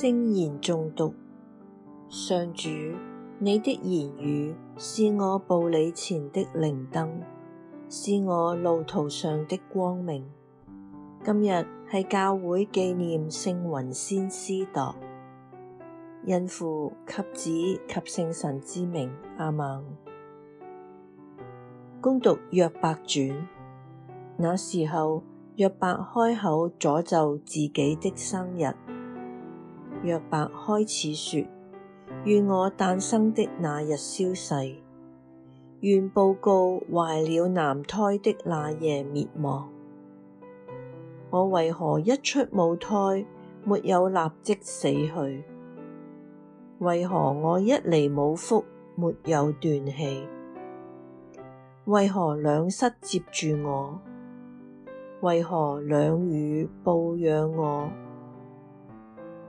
聖言誦讀。上主，你的言語是我步履前的靈燈，是我路途上的光明。今日係教會紀念聖雲先司鐸，因父及子及聖神之名，阿門。恭讀約伯傳，那時候，約伯開口詛咒自己的生日。約伯開始說：願我誕生的那日消逝，願報告懷了男胎的那夜滅亡。我為何一出母胎沒有立即死去？為何我一離母腹沒有斷氣？為何兩膝接住我？為何兩乳哺養我？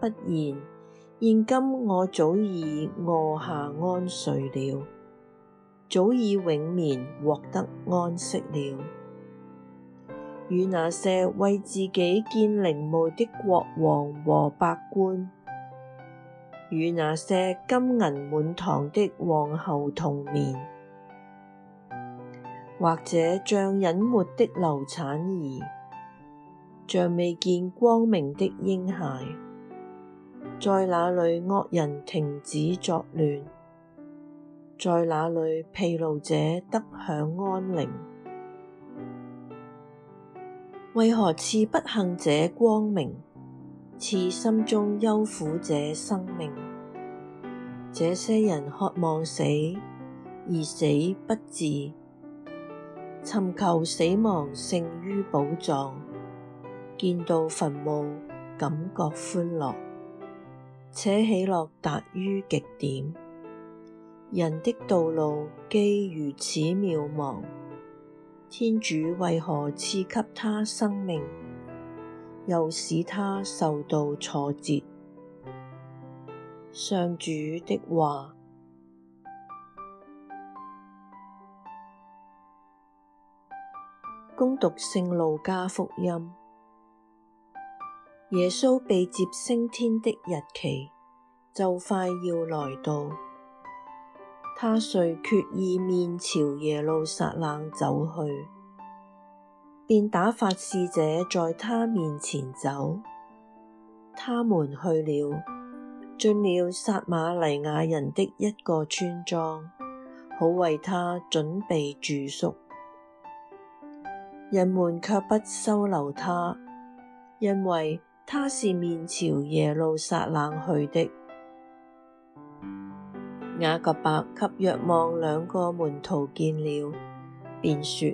不然，現今我早已臥下安睡了，早已永眠，獲得安息了。與那些為自己建陵墓的國王和百官，與那些金銀滿堂的王侯同眠，或者像隱沒的流產兒，像未見光明的嬰孩。在那裏惡人停止作亂，在那裏疲勞者得享安寧。為何賜不幸者光明？賜心中憂苦者生命？這些人渴望死而死不至，尋求死亡勝於寶藏，見到墳墓感覺歡樂。且喜樂達於極點，人的道路既如此渺茫，天主為何賜給他生命，又使他受到挫折？上主的話，恭讀聖路加福音。耶穌被接升天的日期，就快要來到，他遂決意面朝耶路撒冷走去，便打發使者在他面前走。他們去了，進了撒瑪黎雅人的一個村莊，好為他準備住宿。人們却不收留他，因為，他是面朝耶路撒冷去的。雅各伯及若望兩個門徒見了，便說：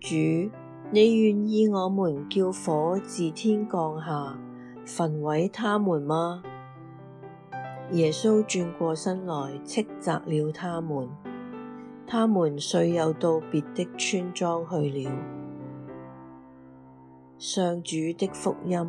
主，你願意我們叫火自天降下，焚毀他們嗎？耶穌轉過身來斥責了他們，他們遂又到別的村莊去了。上主的福音。